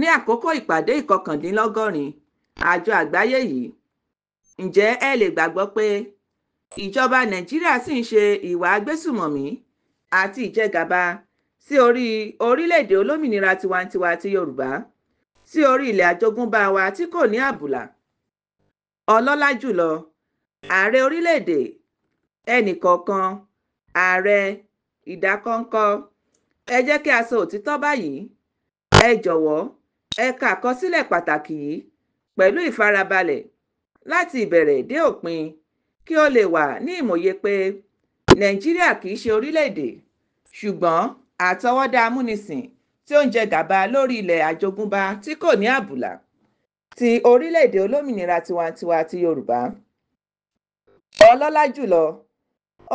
ní àkókò ìpàdé ìkọkàndínlọ́gọ́rin àjọ àgbáyé yìí ǹjẹ́ ẹ lè gbàgbọ́ pé ìjọba nàìjíríà sì ń ṣe ìwà agbésùmọ̀mí àti ìjẹgàba sí orí orílẹ̀-èdè olómìnira tiwantiwa ti yorùbá sí orí ilẹ̀ àjogúnbá wa tí kò ní àbùlà ọlọ́lá jùlọ ààrẹ orílẹ̀-èdè ẹnìkọ̀ọ̀kan ààrẹ ìdákọ́ńkọ́ ẹ jẹ́ kí a sọ òtítọ́ báyìí ẹ jọ̀wọ́ ẹ̀ka àkọsílẹ̀ pàtàkì yìí pẹ̀lú ìfarabalẹ̀ láti ìbẹ̀rẹ̀ dé òpin kí o lè wà ní ìmòye pé nàìjíríà kì í ṣe orílẹ̀-èdè ṣùgbọ́n àtọwọ́dá amúnisìn tí ó ń jẹ gàba lórí ilẹ̀ àjogúnbá tí kò ní àbùlà ti orílẹ̀-èdè olómìnira tiwantiwa ti yorùbá. ọlọ́lá jùlọ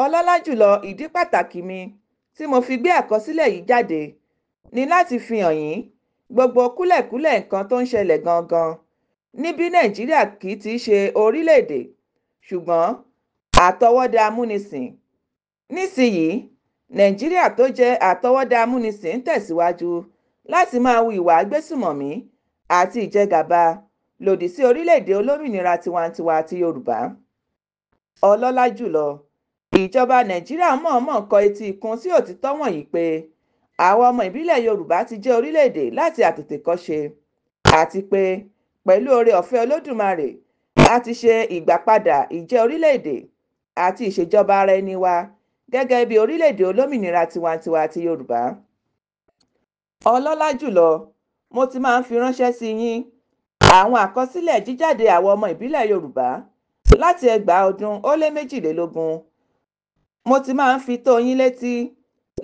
ọlọ́lá jùlọ ìdí pàtàkì mi tí mo fi gbé àkọsílẹ̀ yìí jáde ni láti fi yín gbogbo kúlẹ̀kúlẹ̀ nǹkan tó ń ṣẹlẹ̀ gangan níbi nàìjíríà kì í ti ṣe orílẹ̀-èdè ṣùgbọ́n àtọwọ́dá amúnisìn nísìnyìí nàìjíríà tó jẹ́ àtọwọ́dá amúnisìn ń tẹ̀síwájú láti máa hu ìwà agbésùmọ̀mí àti ìjẹgàba lòdì sí orílẹ̀-èdè olómìnira tiwantiwa ti yorùbá ọlọ́lá jùlọ ìjọba nàìjíríà mọ̀ọ́mọ̀ kọ etí ikún sí òtítọ́ wọ̀nyí pé àwọn ọmọ ìbílẹ̀ yorùbá ti jẹ́ orílẹ̀-èdè láti àtètèkọ́ṣe àti pé pẹ̀lú oore ọ̀fẹ́ olódùmarè a ti ṣe ìgbàpadà ìjẹ́ orílẹ̀-èdè àti ìṣèjọba ara ẹni wa gẹ́gẹ́ bí orílẹ̀-èdè olómìnira tiwantiwa ti yorùbá ọlọ́lá jùlọ mo ti máa ń fi ránṣẹ́ sí yín àwọn àkọsílẹ̀ jíjáde àwọn ọmọ ìbílẹ̀ yorùbá láti ẹgbàá ọdún ó lé méjìlélógún mo ti máa ń fi tó yín létí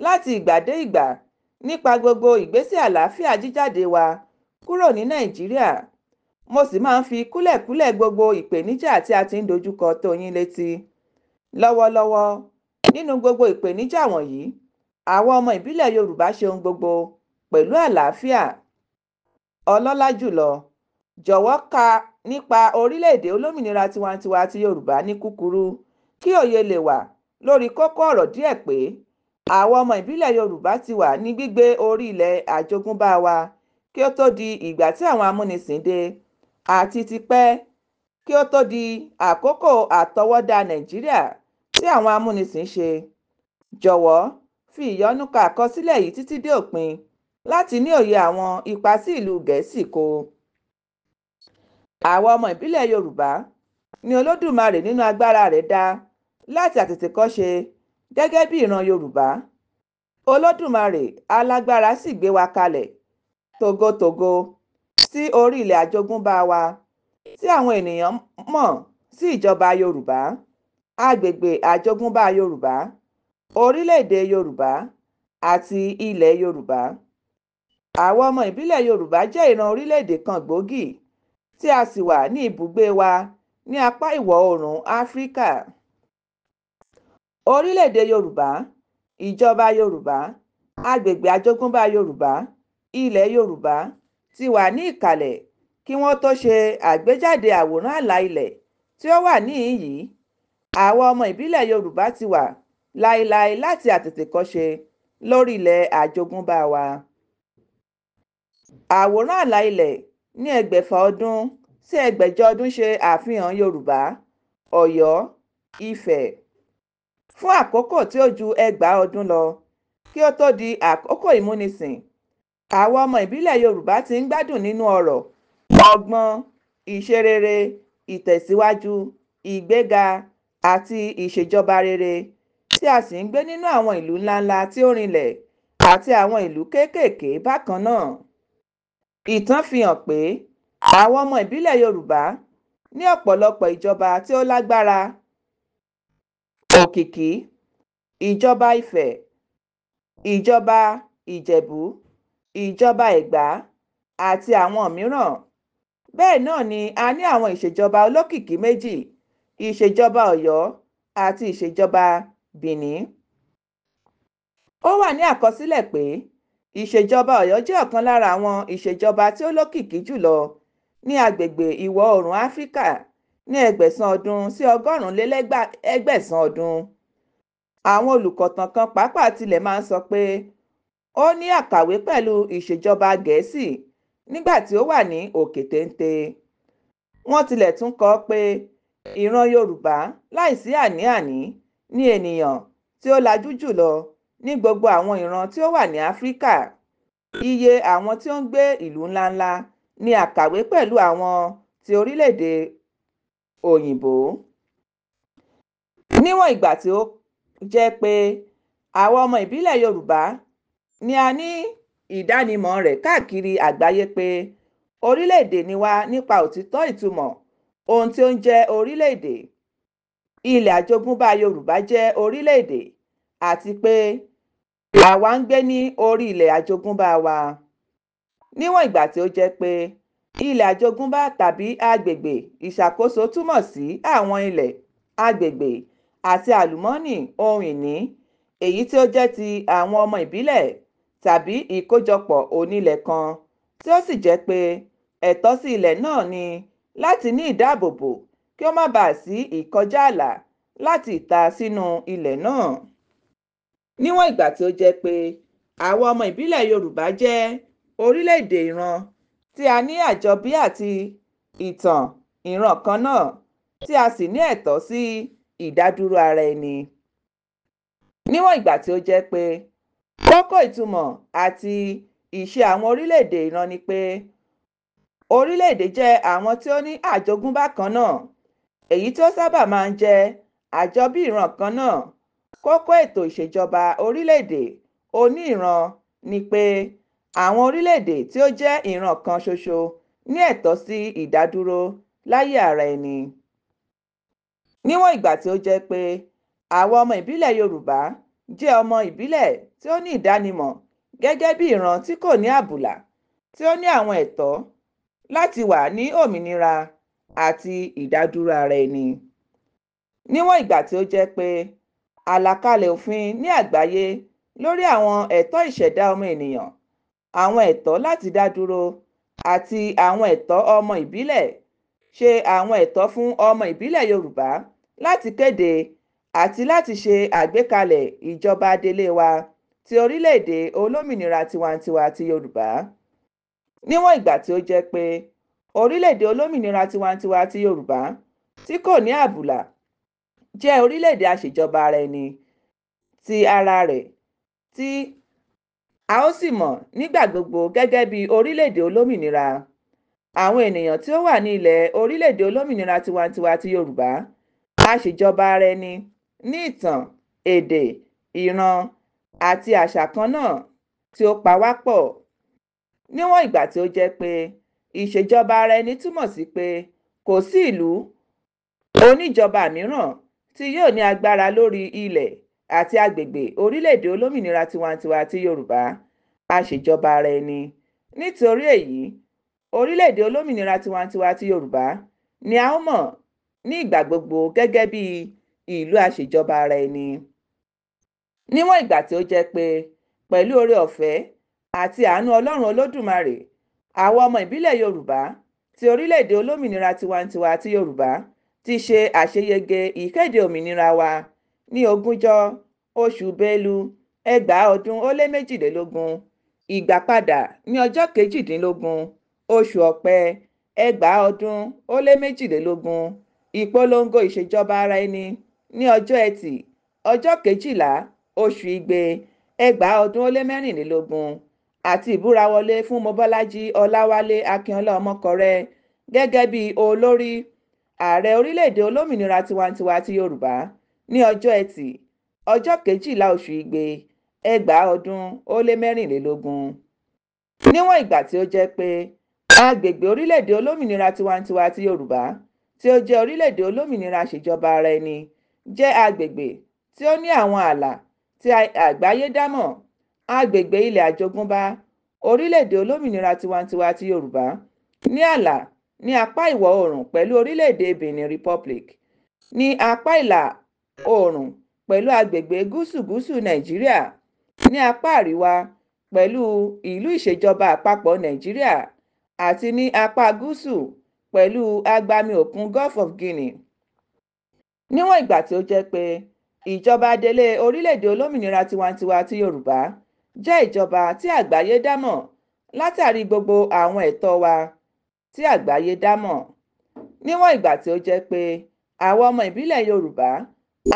láti ìgbà dé ìgbà nípa gbogbo ìgbésẹ̀ àlàáfíà jíjáde wa kúrò ní nàìjíríà mo sì máa ń fi kúlẹ̀kúlẹ̀ gbogbo ìpèníjà tí a ti ń dojúkọ tó yín létí lọ́wọ́lọ́wọ́ nínú gbogbo ìpèníjà wọ̀nyí àwọn ọmọ ìbílẹ̀ yorùbá ṣe ohun gbogbo pẹ̀lú àlàáfíà ọlọ́lá jùlọ jọ̀wọ́ ka nípa orílẹ̀-èdè olómìnira tiwantiwa ti yorùbá ní kúkúrú kí òye lè wà lórí kókó ọ̀rọ̀ díẹ̀ pé Àwọn ọmọ ìbílẹ̀ Yorùbá ti wà ní gbígbé orí ilẹ̀ àjogúnbá wa kí ó tó di ìgbà tí àwọn amúnisìn dé àti tipẹ́ kí ó tó di àkókò àtọwọ́dá Nàìjíríà tí àwọn amúnisìn ṣe. Jọ̀wọ́ fi ìyọ́nú ka àkọsílẹ̀ yìí títí dé òpin láti ní òye àwọn ipa tí ìlú Gẹ̀ẹ́sì kó. Àwa ọmọ ìbílẹ̀ Yorùbá ni Olódùmarè nínú agbára rẹ̀ dá láti àtètèkọ́ṣe gẹ́gẹ́ bí ìran yorùbá olódùmarè alágbára sì gbé wa kalẹ̀ tògótògó sí orí ilẹ̀ àjogúnbá wa tí àwọn ènìyàn mọ̀ sí ìjọba yorùbá agbègbè àjogúnbá yorùbá orílẹ̀-èdè yorùbá àti ilẹ̀ yorùbá àwọn ọmọ ìbílẹ̀ yorùbá jẹ́ ìran orílẹ̀-èdè kan gbòógì tí a sì wà ní ibùgbé wa ní apá ìwọ̀ oòrùn áfíríkà orílẹ̀-èdè yorùbá ìjọba yorùbá agbègbè àjogúnbá yorùbá ilẹ̀ yorùbá ti wà ní ìkàlẹ̀ kí wọ́n tó ṣe àgbéjáde àwòrán àlà ilẹ̀ tí ó wà níhìn yìí àwọn ọmọ ìbílẹ̀ yorùbá ti wà láéláé láti àtètèkọ́ṣe lórí ilẹ̀ àjogúnbá wa. àwòrán àlà ilẹ̀ ní ẹgbẹ̀fà ọdún sí ẹgbẹ̀jọ ọdún ṣe àfihàn yorùbá ọ̀yọ́ ifẹ̀ fún àkókò tí ó ju ẹgbàá ọdún lọ kí ó tó di àkókò ìmúnisìn àwọn ọmọ ìbílẹ̀ yorùbá ti ń gbádùn nínú ọrọ̀ ọgbọ́n ìṣerere ìtẹ̀síwájú ìgbéga àti ìṣèjọba rere tí a sì ń gbé nínú àwọn ìlú ńláńlá tí ó rinlẹ̀ àti àwọn ìlú kéékèèké bákan náà. ìtàn fi hàn pé àwọn ọmọ ìbílẹ̀ yorùbá ní ọ̀pọ̀lọpọ̀ ìjọba tí ó lágbára òkìkí ìjọba ìfẹ́ ìjọba ìjẹ̀bù ìjọba ẹ̀gbá àti àwọn mìíràn bẹ́ẹ̀ náà ni a ní àwọn ìṣèjọba olókìkí méjì ìṣèjọba ọ̀yọ́ àti ìṣèjọba bìní ó wà ní àkọsílẹ̀ pé ìṣèjọba ọ̀yọ́ jẹ́ ọ̀kan lára àwọn ìṣèjọba tí ó lókìkí jùlọ ní agbègbè ìwọ̀ oòrùn áfíríkà ní ẹgbẹ̀sán ọdún sí ọgọ́rùn-ún lé ẹgbẹ̀sán ọdún àwọn olùkọ̀tàn kan pàápàá tilẹ̀ máa ń sọ pé ó ní àkàwé pẹ̀lú ìṣèjọba gẹ̀ẹ́sì nígbà tí ó wà ní òkè téńté wọ́n tilẹ̀ tún kọ pé ìran yorùbá láìsí àní-àní ni ènìyàn tí ó lajú jùlọ ní gbogbo àwọn ìran tí ó wà ní áfíríkà iye àwọn tí ó ń gbé ìlú ńláńlá ni àkàwé pẹ̀lú àwọn ti orílẹ̀-èdè òyìnbó níwọ̀n ìgbà tí ó jẹ́ pé àwa ọmọ ìbílẹ̀ yorùbá ni a ní ìdánimọ̀ rẹ̀ káàkiri àgbáyé pé orílẹ̀-èdè ni wá nípa òtítọ́ ìtumọ̀ ohun tí ó ń jẹ́ orílẹ̀-èdè ilẹ̀ àjogúnbá yorùbá jẹ́ orílẹ̀-èdè àti pé àwa ń gbé ní orí ilẹ̀ àjogúnbá wa níwọ̀n ìgbà tí ó jẹ́ pé ilẹ̀ àjogúnbá tàbí agbègbè ìṣàkóso túmọ̀ sí àwọn ilẹ̀ agbègbè àti àlùmọ́nì ohun ìní èyí tí ó jẹ́ ti àwọn ọmọ ìbílẹ̀ tàbí ìkójọpọ̀ onílẹ̀ kan tí ó sì jẹ́ pé ẹ̀tọ́ sí ilẹ̀ náà ni láti ní ìdáàbòbò kí ó má baà sí ìkọjá ààlà láti ìta sínú ilẹ̀ náà. Níwọ̀n ìgbà tí ó jẹ́ pé àwa ọmọ ìbílẹ̀ Yorùbá jẹ́ orílẹ̀-èdè ìran tí a ní àjọbí àti ìtàn ìran kan náà tí a sì ní ẹ̀tọ́ sí ìdádúró ara ẹni. níwọ̀n ìgbà tí ó jẹ́ pé kókó ìtumọ̀ àti ìṣe àwọn orílẹ̀-èdè ìran ni pé orílẹ̀-èdè jẹ́ àwọn tí ó ní àjogúnbá kan náà èyí tí sábà máa ń jẹ́ àjọbí ìran kan náà kókó ètò ìṣèjọba orílẹ̀-èdè oníran ni pé àwọn orílẹ̀-èdè tí ó jẹ́ ìran kan ṣoṣo ní ẹ̀tọ́ sí ìdádúró láyé ara ẹni. Níwọ̀n ìgbà tí ó jẹ́ pé àwa ọmọ ìbílẹ̀ Yorùbá jẹ́ ọmọ ìbílẹ̀ tí ó ní ìdánimọ̀ gẹ́gẹ́ bí ìran tí kò ní àbùlà tí ó ní àwọn ẹ̀tọ́ láti wà ní òmìnira àti ìdádúró ara ẹni. Níwọ̀n ìgbà tí ó jẹ́ pé àlàkalẹ̀ òfin ní àgbáyé lórí àwọn ẹ̀tọ́ ìṣẹ̀dá ọmọ ènìyàn àwọn ẹ̀tọ́ láti dá dúró àti àwọn ẹ̀tọ́ ọmọ ìbílẹ̀ ṣe àwọn ẹ̀tọ́ fún ọmọ ìbílẹ̀ Yorùbá láti kéde àti láti ṣe àgbékalẹ̀ ìjọba adelé wa ti orílẹ̀-èdè olómìnira tiwantiwa ti Yorùbá níwọ̀n ìgbà tí ó jẹ́ pé orílẹ̀-èdè olómìnira tiwantiwa ti Yorùbá tí kò ní àbùlà jẹ́ orílẹ̀-èdè aṣèjọba ara ẹni ti ara rẹ̀ tí a ó sì mọ̀ nígbà gbogbo gẹ́gẹ́ bí orílẹ̀-èdè olómìnira àwọn ènìyàn tí ó wà ní ilẹ̀ orílẹ̀-èdè olómìnira tiwantiwa ti yorùbá a ṣèjọba ara ẹni ní ìtàn èdè ìran àti àṣà kan náà tí ó pa wá pọ̀ níwọ̀n ìgbà tí ó jẹ́ pé ìṣèjọba ara ẹni túmọ̀ sí pé kò sí ìlú oníjọba mìíràn tí yóò ní agbára lórí ilẹ̀ àti agbègbè orílẹ̀-èdè olómìnira tiwantiwa ti yorùbá a ṣèjọba ara ẹni nítorí èyí orílẹ̀-èdè olómìnira tiwantiwa ti yorùbá ni a ó mọ̀ ní ìgbà gbogbo gẹ́gẹ́ bí ìlú aṣèjọba ara ẹni níwọ̀n ìgbà tí ó jẹ́ pé pẹ̀lú oore ọ̀fẹ́ àti àánú ọlọ́run olódùmarè àwọn ọmọ ìbílẹ̀ yorùbá ti orílẹ̀-èdè olómìnira tiwantiwa ti yorùbá ti ṣe àṣeyege ìkéde òmìnira wa ní ogúnjọ́ oṣù bélú ẹgbàá ọdún ó lé méjìlélógún ìgbàpadà ní ọjọ́ kejìdínlógún oṣù ọ̀pẹ ẹgbàá ọdún ó lé méjìlélógún ìpolongo ìṣèjọba ara ẹni ní ọjọ́ ẹtì ọjọ́ kejìlá oṣù igbe ẹgbàá ọdún ó lé mẹ́rìnlélógún àti ìbúra wọlé fún mobọ́lájí ọláwálé akínọlá ọmọkọrẹ gẹ́gẹ́ bí olórí ààrẹ orílẹ̀ olómìnira tiwantiwa ti yorùbá ní ọjọ́ etí ọjọ́ kejìlá oṣù igbe ẹgbàá ọdún ó lé mẹ́rìnlélógún níwọ̀n ìgbà tí ó jẹ́ pé agbègbè orílẹ̀-èdè olómìnira tiwantiwa ti yorùbá tí ó jẹ́ orílẹ̀-èdè olómìnira ṣèjọba ara ẹni jẹ́ agbègbè tí ó ní àwọn ààlà tí àgbáyé dámọ̀ agbègbè ilẹ̀ àjogúnbá orílẹ̀-èdè olómìnira tiwantiwa ti yorùbá ní ààlà ní apá ìwọ̀ oòrùn pẹ̀lú orílẹ̀-èdè benin republic ní apá ìlà oòrùn pẹ̀lú agbègbè gúúsù gúúsù nàìjíríà ní apá àríwá pẹ̀lú ìlú ìṣèjọba àpapọ̀ nàìjíríà àti ní apá gúúsù pẹ̀lú agbami òkun gulf of guinea níwọ̀n ìgbà tí ó jẹ́ pé ìjọba adelé orílẹ̀-èdè olómìnira tiwantiwa ti yorùbá jẹ́ ìjọba tí àgbáyé dámọ̀ látàrí gbogbo àwọn ẹ̀tọ́ wa tí àgbáyé dámọ̀ níwọ̀n ìgbà tí ó jẹ́ pé àwọn ọmọ ìbílẹ̀ yorùbá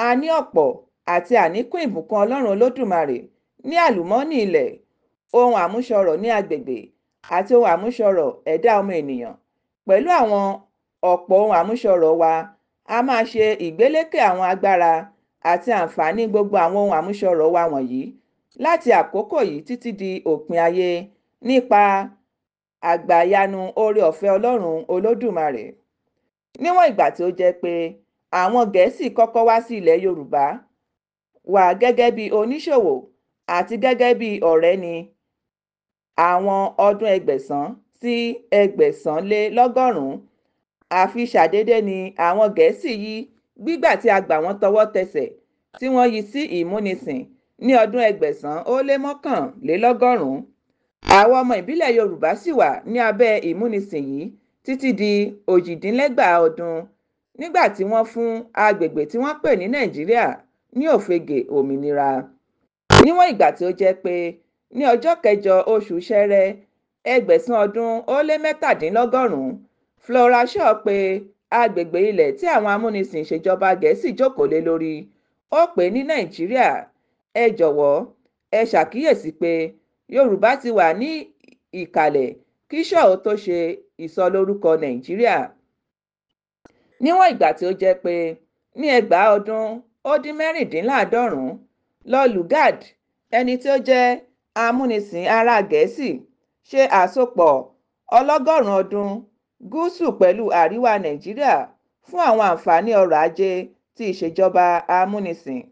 a ní ọ̀pọ̀ àti àníkún ìbùkún ọlọ́run olódùmarè ní àlùmọ́ọ́nì ilẹ̀ ohun àmúṣọrọ̀ ní agbègbè àti ohun àmúṣọrọ̀ ẹ̀dá ọmọ ènìyàn pẹ̀lú àwọn ọ̀pọ̀ ohun àmúṣọrọ̀ wa a máa ṣe ìgbélékè àwọn agbára àti àǹfààní gbogbo àwọn ohun àmúṣọrọ̀ wa wọ̀nyí láti àkókò yìí títí di òpin ayé nípa àgbàyanu oore ọ̀fẹ́ ọlọ́run olódùmarè níwọ̀n ìgbà tí ó jẹ́ pé àwọn gẹ̀ẹ́sì kọ́kọ́ wá sí ilẹ̀ yorùbá wà gẹ́gẹ́ bí oníṣòwò àti gẹ́gẹ́ bí ọ̀rẹ́ ní àwọn ọdún ẹgbẹ̀sán sí ẹgbẹ̀sán lé lọ́gọ́rùn-ún àfi ṣàdédé ni àwọn gẹ̀ẹ́sì yí gbígbà tí a gbà wọ́n tọwọ́ tẹsẹ̀ tí wọ́n yí sí ìmúnisìn ní ọdún ẹgbẹ̀sán ó lé mọ́kànlélọ́gọ́rùn-ún àwọn ọmọ ìbílẹ̀ yorùbá sì wà ní abẹ́ ìmúnisìn yìí títí di òjìdínlẹ́gbàá ọdún nígbà tí wọ́n fún agbègbè tí wọ́n pè ní nàìjíríà ní òfegè òmìnira níwọ̀n ìgbà tí ó jẹ́ pé ní ọjọ́ kẹjọ oṣù ṣẹrẹ ẹgbẹ̀sán ọdún ó lé mẹ́tàdínlọ́gọ́rùn-ún Flora Shaw pé agbègbè ilẹ̀ tí àwọn amúnisìn ìṣèjọba gẹ̀ẹ́sì jókòó lé lórí ó pè ní nàìjíríà ẹ jọ̀wọ́ ẹ ṣàkíyèsí pé yorùbá ti wà ní ìkàlẹ̀ kí Shaw tó ṣe ìsọlórúkọ nàìjíríà níwọ̀n ìgbà tí ó jẹ́ pé ní ẹgbàá ọdún ó dín mẹ́rìndínláàádọ́rùn-ún lord lugard ẹni tí ó jẹ́ amúnisìn ará gẹ̀ẹ́sì ṣe àsopọ̀ ọlọ́gọ́rùn-ún ọdún gúúsù pẹ̀lú àríwá nàìjíríà fún àwọn àǹfààní ọrọ̀ ajé ti ìṣèjọba amúnisìn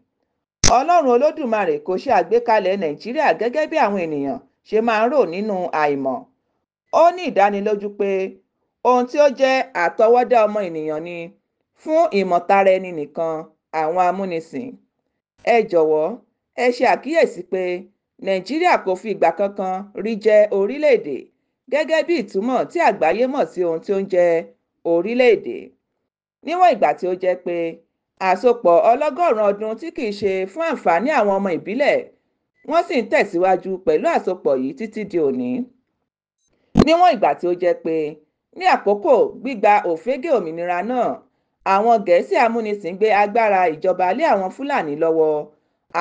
ọlọ́run olódùmarè kò ṣe àgbékalẹ̀ nàìjíríà gẹ́gẹ́ bí àwọn ènìyàn ṣe máa ń rò nínú àìmọ̀ ó ní ìdánilójú pé ohun tí ó jẹ́ àtọwọ́dá ọmọ ènìyàn ni fún ìmọ̀tara ẹni nìkan àwọn amúnisìn ẹ jọ̀wọ́ ẹ ṣe àkíyèsí pé nàìjíríà kò fi ìgbà kankan rí jẹ́ orílẹ̀-èdè gẹ́gẹ́ bí ìtumọ̀ tí àgbáyé mọ̀ sí ohun tí ó ń jẹ́ orílẹ̀-èdè níwọ̀n ìgbà tí ó jẹ́ pé àsopọ̀ ọlọ́gọ́rùn-ún ọdún tí kìí ṣe fún àǹfààní àwọn ọmọ ìbílẹ̀ wọ́n sì ń tẹ̀síwájú pẹ̀lú àsopọ̀ yìí títí di òní níwọ̀n ìgbà tí ó jẹ́ pé ní àkókò gbígba òfégè òmìnira náà àwọn gẹ̀ẹ́sì amúnisìn gbé agbára ìjọba lé àwọn fúlàní lọ́wọ́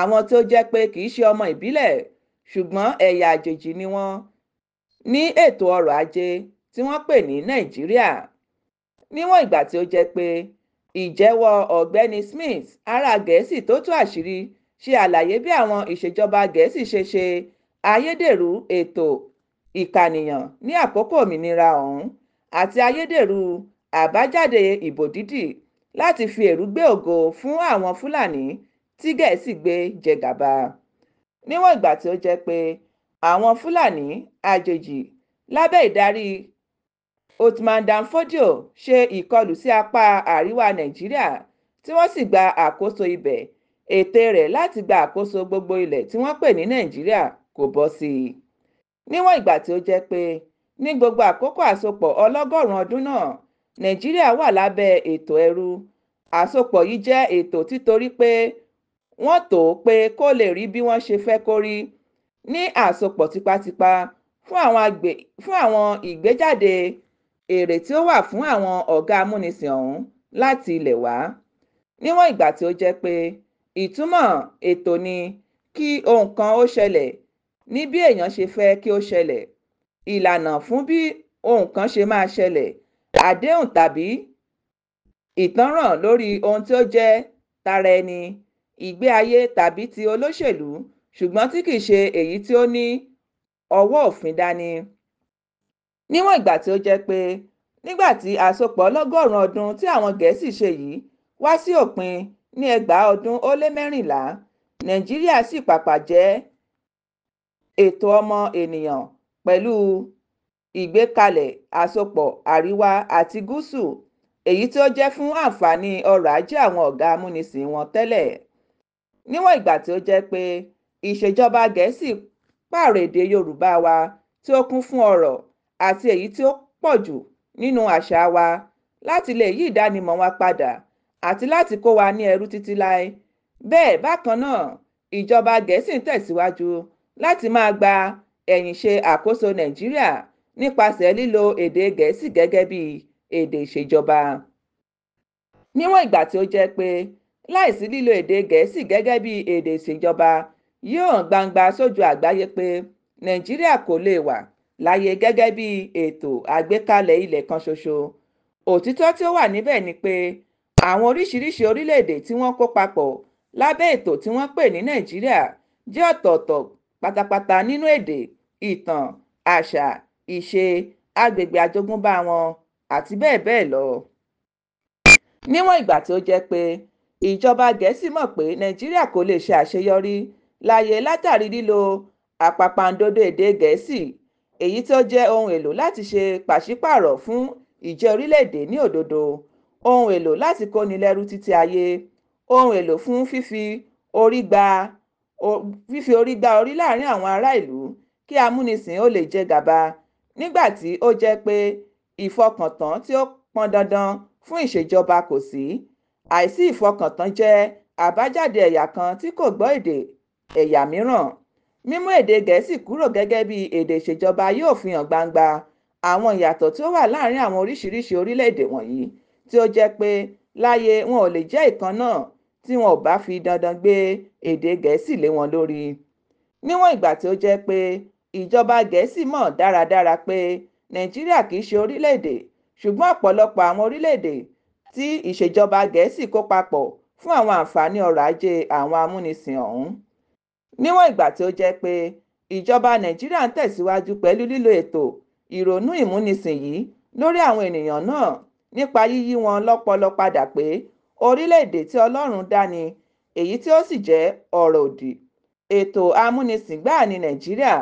àwọn tó jẹ́ pé kì í ṣe ọmọ ìbílẹ̀ ṣùgbọ́n ẹ̀yà àjèjì ni wọ́n ní ètò ọrọ̀ ajé tí wọ́n pè ní nàìjíríà níwọ̀n ìgbà tí ó jẹ́ pé ìjẹ́wọ́ ọ̀gbẹ́ni smith ara gẹ̀ẹ́sì tó tú àṣírí ṣe àlàyé bí àwọn ìṣèjọba gẹ̀ẹ́sì ṣe ṣe ayédèrú ètò ìkànìyàn ní àkókò òmìnira ọ̀hún àti ayédèrú àbájáde ìbò dídì láti fi èrú gbé ògo fún àwọn fúlàní tí gẹ̀ẹ́sì gbé jẹgàba níwọ̀n ìgbà tí ó jẹ́ pé àwọn fúlàní àjèjì lábẹ́ ìdarí otman danfodio ṣe ìkọlù sí apá àríwá nàìjíríà tí wọ́n sì gba àkóso ibẹ̀ ète rẹ̀ láti gba àkóso gbogbo ilẹ̀ tí wọ́n pè ní nàìjíríà kò bọ́ sí i níwọ̀n ìgbà tí ó jẹ́ pé ní gbogbo àkókò àsopọ̀ ọlọ́gọ́rùn-ún ọdún náà nàìjíríà wà lábẹ́ ètò ẹrú àsopọ̀ yìí jẹ́ ètò títorí pé wọ́n tò ó pé kó lè rí bí wọ́n ṣe fẹ́ kó rí ní àsopọ̀ tipátipá fún àwọn ìgbéjáde èrè tí ó wà fún àwọn ọ̀gá amúnisìn ọ̀hún láti ilẹ̀ wá níwọ̀n ìgbà tí ó jẹ́ pé ìtumọ̀ ètò ni kí ohun kan ó ṣẹlẹ̀ ní bí èèyàn ṣe fẹ́ kí ó ṣẹlẹ̀ ìlànà fún bí ohun kan ṣe máa ṣẹlẹ̀ àdéhùn tàbí ìtanràn lórí ohun tí ó jẹ́ tara ẹni ìgbé ayé tàbí ti olóṣèlú ṣùgbọ́n tí kìí ṣe èyí tí ó ní ọwọ́ òfin dání. níwọ̀n ìgbà tí ó jẹ́ pé nígbà tí àsopọ̀ lọ́gọ́rùn-ún ọdún tí àwọn gẹ̀ẹ́sì ṣe yìí wá sí òpin ní ẹgbàá ọdún ó lé mẹ́rìnlá nàìjíríà sì pàpà jẹ́ ètò ọmọ ènìyàn pẹ̀lú ìgbékalẹ̀ àsopọ̀ àríwá àti gúúsù èyí tí ó jẹ́ fún àǹfààní ọrọ̀ ajé àwọn ọ̀gá amúnisìn wọn tẹ́lẹ̀ níwọ̀n ìgbà tí ó jẹ́ pé ìṣèjọba gẹ̀ẹ́sì pààrọ̀ èdè yorùbá wa tí ó kún fún ọ̀rọ̀ àti èyí tí ó pọ̀ jù nínú àṣà wa láti lè yí ìdánimọ̀ wa padà àti láti kó wa ní ẹrú títí láé bẹ́ẹ̀ bákan náà ìjọba gẹ̀ẹ́sì ń tẹ̀síwájú láti máa gba ẹ̀yìn ṣe àkóso nàìjíríà nípasẹ̀ lílo èdè gẹ̀ẹ́sì gẹ́gẹ́ bí èdè ìṣèjọba. níwọ̀n ìgbà tí ó jẹ́ pé láìsí lílo èdè gẹ̀ẹ́sì gẹ́gẹ́ bí èdè ìṣèjọba yóò hàn gbangba sójú àgbáyé pé nàìjíríà kò lè wà láyé gẹ́gẹ́ bí ètò àgbékalẹ̀ ilẹ̀ kan ṣoṣo òtítọ́ tí ó wà níbẹ̀ ni pé àwọn oríṣiríṣi orílẹ̀-èdè tí wọ́n kó papọ̀ lábẹ́ ètò tí wọ́n pè ní nàìjíríà jẹ́ ọ̀tọ̀ọ̀tọ̀ pátápátá nínú èdè ìtàn àṣà ìṣe agbègbè àjogúnbá wọn àti bẹ́ẹ̀ bẹ́ẹ̀ lọ. níwọ̀n ìgbà tí ó jẹ́ pé ìjọba gẹ̀ẹ́sì mọ̀ pé nàìjíríà kò lè ṣe àṣeyọrí láyé látàrí lílo àpàpàǹdodo èdè gẹ̀ẹ́sì èyí tó jẹ́ ohun èlò láti ṣe pàṣípààrọ̀ fún ìjẹ́ orílẹ̀-èdè ní òdodo ohun èlò láti kóni lẹ́rú títí ayé ohun èlò fún fífi orí gba fífi orí gba orí láàrin àwọn ará ìlú kí amúnisìn ó lè jẹ gàba nígbà tí ó jẹ́ pé ìfọkàntán tí ó pọn dandan fún ìṣèjọba kò sí àìsí ìfọkàntán jẹ́ àbájáde ẹ̀yà kan tí kò gbọ́ èdè ẹ̀yà mìíràn mímú èdè gẹ̀ẹ́sì kúrò gẹ́gẹ́ bí èdè ìṣèjọba yóò fi hàn gbangba àwọn ìyàtọ̀ tí ó wà láàárín àwọn oríṣiríṣi orílẹ̀-èdè wọ̀nyí tí ó jẹ́ pé láyé wọn ò lè jẹ́ ìkan náà tí wọn ò bá fi dandan gbé èdè gẹ̀ẹ́sì lé wọn lórí níwọ̀n ìgbà tí ó jẹ́ pé ìjọba gẹ̀ẹ́sì mọ̀ dáradára pé nàìjíríà kì í ṣe orílẹ̀-èdè ṣùgbọ́n ọ̀pọ̀lọpọ̀ àwọn orílẹ̀-èdè tí ìṣèjọba gẹ̀ẹ́sì kó papọ̀ fún àwọn àǹfààní ọrọ̀ ajé àwọn amúnisìn ọ̀hún níwọ̀n ìgbà tí ó jẹ́ pé ìjọba nàìjíríà ń tẹ̀síwájú pẹ̀lú lílo ètò ìrònú ìmúnisìn yìí lórí àwọn ènìyàn náà nípa yíyí wọn lọ́pọlọ padà pé orílẹ̀-èdè tí ọlọ́run dá ni èyí tí ó sì jẹ́ ọ̀rọ̀ òdì ètò amúnisìn gbáà ní nàìjíríà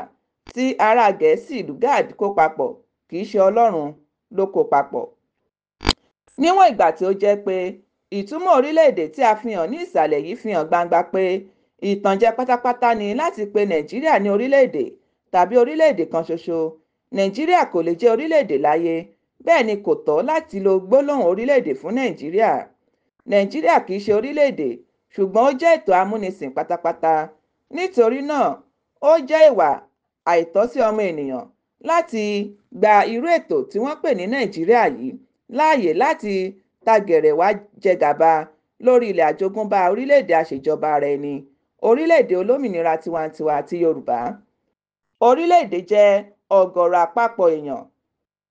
tí ará gẹ̀ẹ́sì lugard kó papọ̀ kì í ṣe ọlọ́run ló kó papọ̀ níwọ̀n ìgbà tí ó jẹ́ pé ìtumọ̀ orílẹ̀-èdè tí a fi hàn ní ìsàlẹ̀ yìí fi hàn gbangba pé ìtànjẹ pátápátá ni láti pe nàìjíríà ní orílẹ̀-èdè tàbí orílẹ̀-èdè kan ṣoṣo nàìjíríà kò lè jẹ́ orílẹ̀-èdè láyé bẹ́ẹ̀ ni kò tọ́ láti lo gbólóhùn orílẹ̀-èdè fún nàìjíríà nàìjíríà kì í ṣe orílẹ̀-èdè ṣùgbọ́n ó jẹ́ ètò amúnisìn pátápátá nítorí náà ó jẹ́ ìwà àìtọ́ sí ọmọ ènìyàn láti gba irú ètò tí wọ́n pè ní nàìjíríà yìí láàyè láti ta gẹ̀rẹ̀ wá jẹ gàba lórí ilẹ̀ àjogúnbá orílẹ̀-èdè àṣejọba ara ẹni orílẹ̀-èdè olómìnira tiwantiwa ti yorùbá orílẹ̀-èdè jẹ́ ọ̀gọ̀rọ̀ àpapọ̀ èèyàn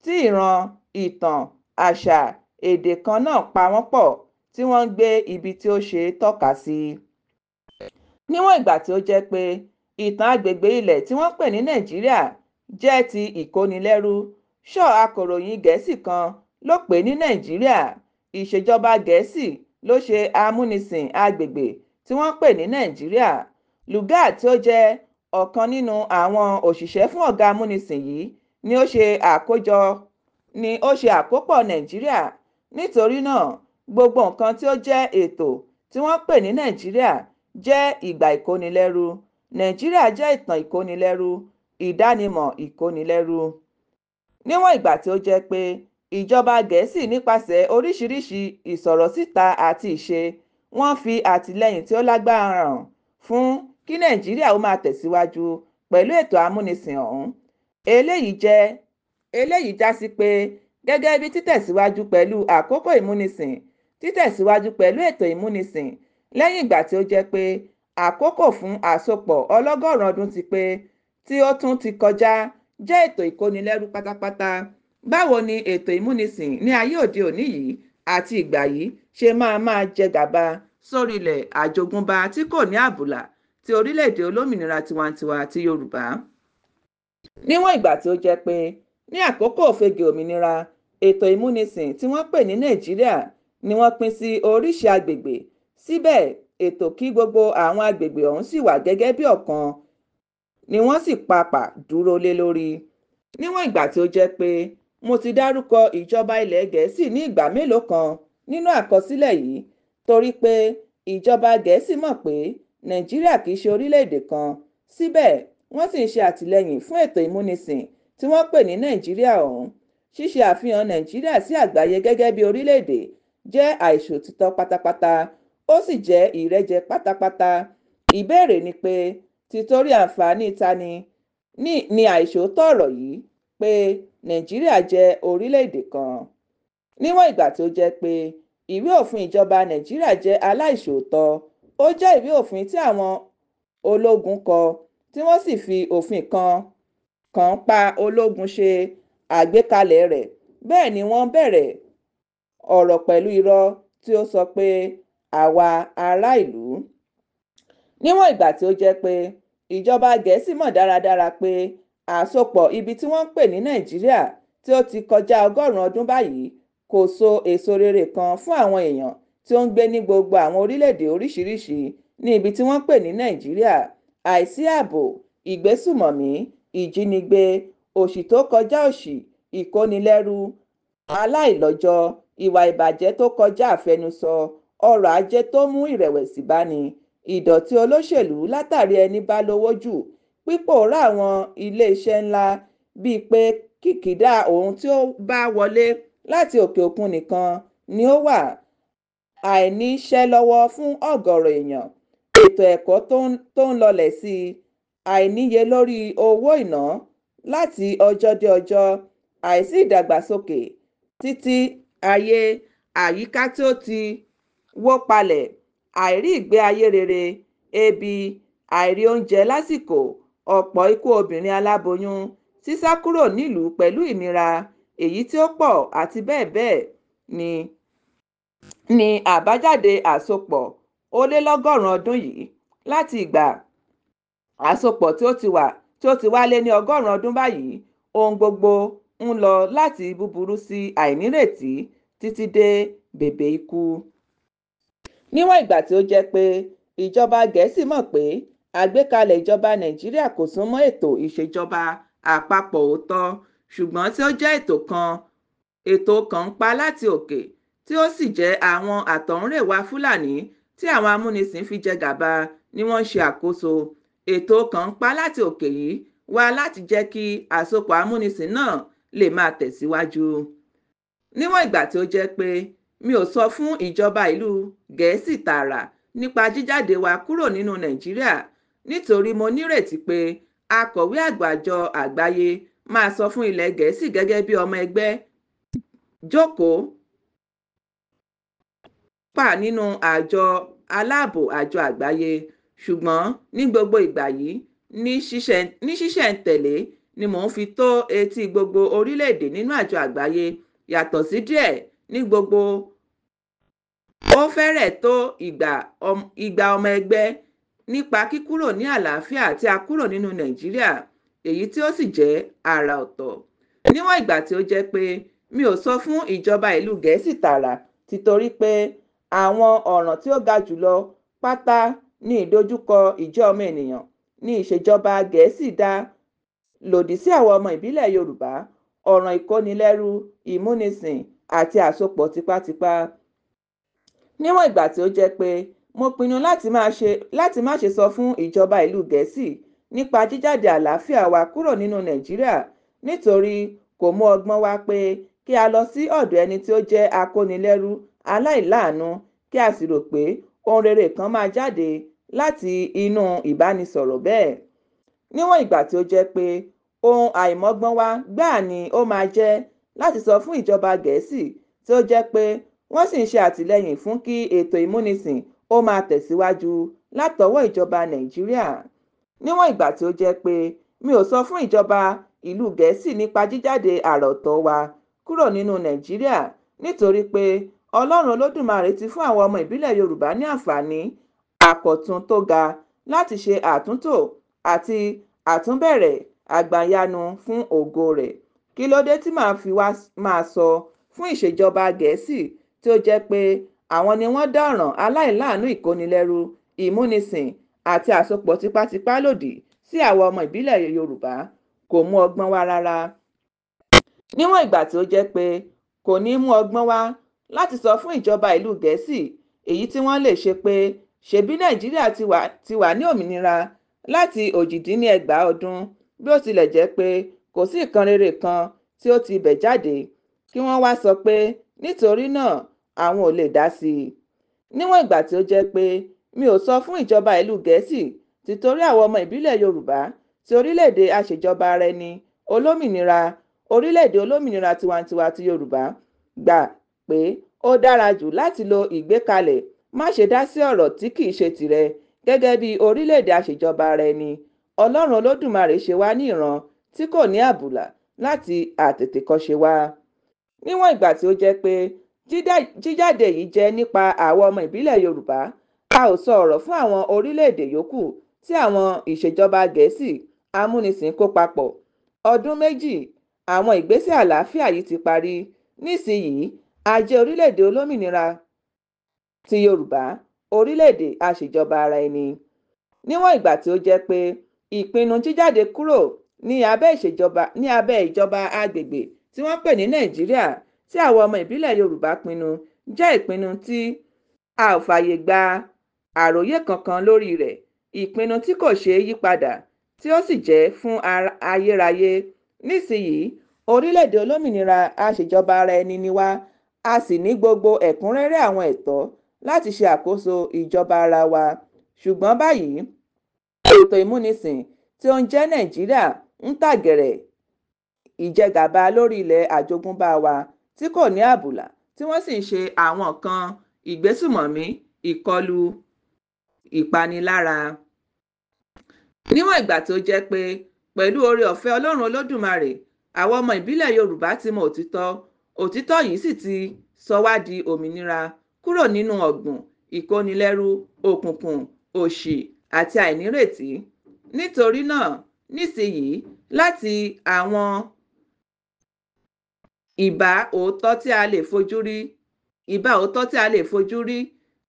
tí ìran ìtàn àṣà èdè kan náà pa wọ́n pọ̀ tí wọ́n ń gbé ibi tí ó ṣe tọ́ka sí. níwọ̀n ìgbà tí ó jẹ́ pé ìtàn àgbègbè ilẹ̀ tí wọ́n pè ní nàìjíríà jẹ́ ti ìkónilẹ́rú shaw akọ̀ròyìn gẹ̀ẹ́sì kan ló pè ní nàìjíríà ìṣèjọba gẹ̀ẹ́sì ló ṣe amúnisìn àgbègbè tí wọ́n pè ní nàìjíríà lugard tí ó jẹ́ ọ̀kan nínú àwọn òṣìṣẹ́ fún ọ̀gá amúnisìn yìí ni ó ṣe àkójọ ni ó ṣe àkópọ̀ nàìjíríà nítorí náà gbogbo nǹkan tí ó jẹ́ ètò tí wọ́n pè ní nàìjíríà jẹ́ ìgbà ìkónilẹ́rú nàìjíríà jẹ́ ìtàn ìkónilẹ́rú ìdánimọ̀ ìkónilẹ́rú níwọ̀n ìgbà tí ó jẹ́ pé ìjọba gẹ̀ẹ́sì nípasẹ̀ oríṣiríṣi ìsọ̀rọ̀síta àti ìṣe wọn fi àtìlẹ́yìn tí ó lágbára hàn fún kí nàìjíríà ó máa tẹ̀síwájú pẹ̀lú ètò amúnisìn ọ̀hún eléyìí jẹ́ eléyìí já sí pé gẹ́gẹ́ bí títẹ̀síwájú pẹ̀lú àkókò ìmúnisìn títẹ̀síwájú pẹ̀lú ètò ìmúnisìn lẹ́yìn ìgbà tí ó jẹ́ pé àkókò fún àsopọ̀ ọlọ́gọ́rùn ọdún ti pé tí ó tún ti kọjá jẹ́ ètò ìkónilẹ́rú pátápátá báwo ni ètò ìmúnisìn ní ayé òde òní yìí àti ìgbà yìí ṣe máa máa jẹ gàba sórílẹ̀ àjogúnbá tí kò ní àbùlà ti orílẹ̀-èdè olómìnira tiwantiwa ti Yorùbá níwọ̀n ìgbà tí ó jẹ́ pé ní àkókò òfegè òmìnira ètò ìmúnisìn tí wọ́n pè ní Nàìjíríà ni wọ́n pín sí oríṣi agbègbè síbẹ̀ ètò kí gbogbo àwọn àgbègbè ọ̀hún sì wà gẹ́gẹ́ bí ọ̀kan ni wọ́n sì papà dúró lé lórí níwọ̀n ìgbà tí ó jẹ́ pé mo ti dárúkọ ìjọba ilẹ̀ gẹ̀ẹ́sì ní ìgbà mélòó kan nínú àkọsílẹ̀ yìí torí pé ìjọba gẹ̀ẹ́sì mọ̀ pé nàìjíríà kì í ṣe orílẹ̀-èdè kan síbẹ̀ wọ́n sì ń ṣe àtìlẹ́yìn fún ètò ìmúnisìn tí wọ́n pè ní nàìjíríà ọ̀hún ṣíṣe àfihàn nàìjíríà sí àgbáyé gẹ́gẹ́ bí orílẹ̀-èdè jẹ́ àìṣòtítọ́ pátápátá ó sì jẹ́ ìrẹ́jẹ pátápátá ìbéèrè ni pé títorí àǹfààní tani ni àìsòótọ́ ọ̀rọ̀ yìí pé nàìjíríà jẹ́ orílẹ̀-èdè kan níwọ̀n ìgbà tó jẹ́ pé ìwé òfin ìjọba nàìjíríà jẹ́ aláìsòótọ́ ó jẹ́ ìwé òfin tí àwọn ológun kọ tí wọ́n sì fi òfin kan kan pa ológun ṣe àgbékalẹ̀ rẹ̀ bẹ́ẹ̀ ni wọ́n bẹ̀rẹ̀ ọ̀rọ̀ pẹ̀lú irọ́ tí ó sọ pé àwa aráàlú níwọ̀n ìgbà tí ó jẹ́ pé ìjọba gẹ̀ẹ́sì mọ̀ dáradára pé àsopọ̀ ibi tí wọ́n ń pè ní nàìjíríà tí ó ti kọjá ọgọ́rùn-ún ọdún báyìí kò so èso rere kan fún àwọn èèyàn tí ó ń gbé ní gbogbo àwọn orílẹ̀-èdè oríṣiríṣi ní ibi tí wọ́n ń pè ní nàìjíríà àìsí ààbò ìgbésùmọ̀mí ìjínigbé òṣì tó kọjá òṣì ìkónilẹ́rú aláìlọ́jọ ìwà ìbàjẹ́ tó kọjá àfẹnusọ ọrọ̀ ajé tó mú ìrẹ̀wẹ̀sì báni ìdọ̀tí olóṣèlú látàrí ẹni bá lówó jù pípòórá àwọn iléeṣẹ́ ńlá bíi pé kìkìdá ohun tí ó bá wọlé láti òkè òkun nìkan ni ó wà àìníṣẹ́lọ́wọ́ fún ọ̀gọ̀rọ̀ èèyàn ètò ẹ̀kọ́ tó ń lọlẹ̀ sí i àìníye lórí owó ìná láti ọjọ́ dé ọjọ́ àìsí ìdàgbàsókè títí ayé àyíká tí ó ti wó palẹ̀ àìrí ìgbé ayé rere ebi àìrí oúnjẹ lásìkò ọ̀pọ̀ ikú obìnrin aláboyún sísá kúrò nílùú pẹ̀lú ìnira èyí tí ó pọ̀ àti bẹ́ẹ̀ bẹ́ẹ̀ ni ni àbájáde àsopọ̀ ó lé lọ́gọ́rùn-ún ọdún yìí láti ìgbà àsopọ̀ tí ó ti wà tí ó ti wá lé ní ọgọ́rùn-ún ọdún báyìí ohun gbogbo ń lọ láti búburú sí àìnírètí títí dé bèbè ikú níwọ̀n ìgbà tí ó jẹ́ pé ìjọba gẹ̀ẹ́sì mọ̀ pé àgbékalẹ̀ ìjọba nàìjíríà kò sún mọ́ ètò ìṣèjọba àpapọ̀ òótọ́ ṣùgbọ́n tí ó jẹ́ ètò kan ètò kànńpá láti òkè tí ó sì jẹ́ àwọn àtọ̀húnrèwá fúlàní tí àwọn amúnisìn fi jẹ gàba ni wọ́n ń ṣe àkóso ètò kànńpá láti òkè yìí wá láti jẹ́ kí àsopọ̀ amúnisìn náà lè máa tẹ̀síwájú níwọ̀n ìgbà tí ó jẹ́ pé mi ò sọ fún ìjọba ìlú gẹ̀ẹ́sì tààrà nípa jíjáde wa kúrò nínú nàìjíríà nítorí mo nírètí pé akọ̀wé àgbà àjọ àgbáyé máa sọ fún ilẹ̀ gẹ̀ẹ́sì gẹ́gẹ́ bí ọmọ ẹgbẹ́ jókòó pa nínú àjọ aláàbò àjọ àgbáyé ṣùgbọ́n ní gbogbo ìgbà yìí ní ṣísẹ̀ntẹ̀lé ni mò ń fi tó etí gbogbo orílẹ̀-èdè nínú àjọ àgbáyé yàtọ̀ sí díẹ̀ ní gbogbo ó fẹ́rẹ̀ẹ́ tó igba ọmọ ẹgbẹ́ nípa kíkúrò ní àlàáfíà tí a kúrò nínú nàìjíríà èyí tí ó sì jẹ́ àrà ọ̀tọ̀ níwọ̀n ìgbà tí ó jẹ́ pé mi ò sọ fún ìjọba ìlú gẹ̀ẹ́sì tààrà ti torí pé àwọn ọ̀ràn tí ó ga jùlọ pátá ní ìdojúkọ ìjẹ́ ọmọ ènìyàn ní ìṣèjọba gẹ̀ẹ́sì dá lòdì sí àwọn ọmọ ìbílẹ̀ yorùbá ọ̀ràn ìkónilẹ́rú ìmúnisìn àti àsopọ̀ tipátipá níwọ̀n ìgbà tí ó jẹ́ pé mo pinnu láti má ṣe sọ fún ìjọba ìlú gẹ̀ẹ́sì nípa jíjáde àlàáfíà wa kúrò nínú nàìjíríà nítorí kò mú ọgbọ́n wá pé kí a lọ sí ọ̀dọ̀ ẹni tí ó jẹ́ akónilẹ́rú aláìláàánú kí a sì rò pé ohun rere kan máa jáde láti inú ìbánisọ̀rọ̀ bẹ́ẹ̀ níwọ̀n ìgbà tí ó jẹ́ pé ohun àìmọ́gbọ́n wa gbáà ni ó máa jẹ́ láti sọ fún ìjọba gẹ̀ẹ́sì tí ó jẹ́ pé wọ́n sì ń ṣe àtìlẹ́yìn fún kí ètò ìmúnisìn ó máa tẹ̀síwájú látọwọ́ ìjọba nàìjíríà níwọ̀n ìgbà tí ó jẹ́ pé mi ò sọ fún ìjọba ìlú gẹ̀ẹ́sì nípa jíjáde àrà ọ̀tọ̀ wa kúrò nínú nàìjíríà nítorí pé ọlọ́run olódùmarè ti fún àwọn ọmọ ìbílẹ̀ yorùbá ní àǹfààní àkọ̀tun tó ga láti ṣe àtúntò àti àtúnbẹ̀rẹ̀ àgbàyanu fún ògo rẹ̀ kí ló dé tí màá fi wá máa sọ fún ìṣèjọba gẹ̀ẹ́sì tí ó jẹ́ pé àwọn ni wọ́n dáràn aláìláàánú ìkónilẹ́rú ìmúnisìn àti àsopọ̀ tipátipá lòdì sí àwa ọmọ ìbílẹ̀ Yorùbá kò mú ọgbọ́n wá rárá níwọ̀n ìgbà tí ó jẹ́ pé kò ní mú ọgbọ́n wá láti sọ fún ìjọba ìlú Gẹ̀ẹ́sì èyí tí wọ́n lè ṣe pé ṣebí Nàìjíríà ti wà ní òmìnira láti òjìdínníẹgbàá ọdún bí ó tilẹ̀ jẹ́ pé kò sí nǹkan rere kan tí ó ti ibẹ̀ jáde kí wọ́n wá sọ pé nítorí náà àwọn ò lè dá sí i níwọ̀n ìgbà tí ó jẹ́ pé mi ò sọ fún ìjọba ìlú gẹ̀ẹ́sì tìtorí àwọn ọmọ ìbílẹ̀ yorùbá ti orílẹ̀-èdè aṣèjọba ara ẹni olómìnira orílẹ̀-èdè olómìnira tiwantiwa ti yorùbá gbà pé ó dára jù láti lo ìgbékalẹ̀ má ṣe dá sí ọ̀rọ̀ tí kì í ṣe tìrẹ gẹ́gẹ́ bí orílẹ̀-èdè aṣèjọba ara ẹni ọlọ́run olódùmarè ṣe wá ní ìran tí kò ní àbùlà láti àtètèkọ́ṣe wa níwọ̀n ìgbà tí ó jẹ́ pé jíjáde yìí jẹ́ nípa àwa ọmọ ìbílẹ̀ yorùbá a ò sọ ọ̀rọ̀ fún àwọn orílẹ̀-èdè yòókù tí àwọn ìṣèjọba gẹ̀ẹ́sì amúnisìn kó papọ̀ ọdún méjì àwọn ìgbésẹ̀ àlàáfíà yìí ti parí nísìnyìí a jẹ́ orílẹ̀-èdè olómìnira ti yorùbá orílẹ̀-èdè aṣèjọba ara ẹni níwọ̀n ìgbà tí ó jẹ́ pé ìpinnu jíjáde kúrò ní abẹ́ ìṣèjọba ní abẹ́ ìjọba agbègbè tí wọ́n pè ní nàìjíríà tí àwa ọmọ ìbílẹ̀ yorùbá pinnu jẹ́ ìpinnu tí a ò fààyè gba àròyé kankan lórí rẹ̀ ìpinnu tí kò ṣeé yípadà tí ó sì jẹ́ fún ayérayé nísìnyí orílẹ̀-èdè olómìnira aṣèjọba ara ẹni ni wá a sì ní gbogbo ẹ̀kúnrẹ́rẹ́ àwọn ẹ̀tọ́ láti ṣe àkóso ìjọba ara wa ṣùgbọ́n báyìí ètò ìmúnisìn tí ó ń jẹ́ nàìjíríà ń tàgẹ̀rẹ̀ ìjẹgàba lórí ilẹ̀ àjogúnbá wa tí kò ní àbùlà tí wọ́n sì ń ṣe àwọn kan ìgbésùmọ̀mí ìkọlù ìpanilára. níwọ̀n ìgbà tó jẹ́ pé pẹ̀lú oore ọ̀fẹ́ ọlọ́run olódùmarè àwọn ọmọ ìbílẹ̀ yorùbá ti mọ òtítọ́ òtítọ́ yìí sì ti sọ wá di òmìnira kúrò nínú ọ̀gbùn ìkónilẹ́rú òkùnkùn òṣì àti àìnírètí nítorí náà nísìnyìí láti àwọn ìbá òótọ́ tí a lè fojú rí ìbá òótọ́ tí a lè fojú rí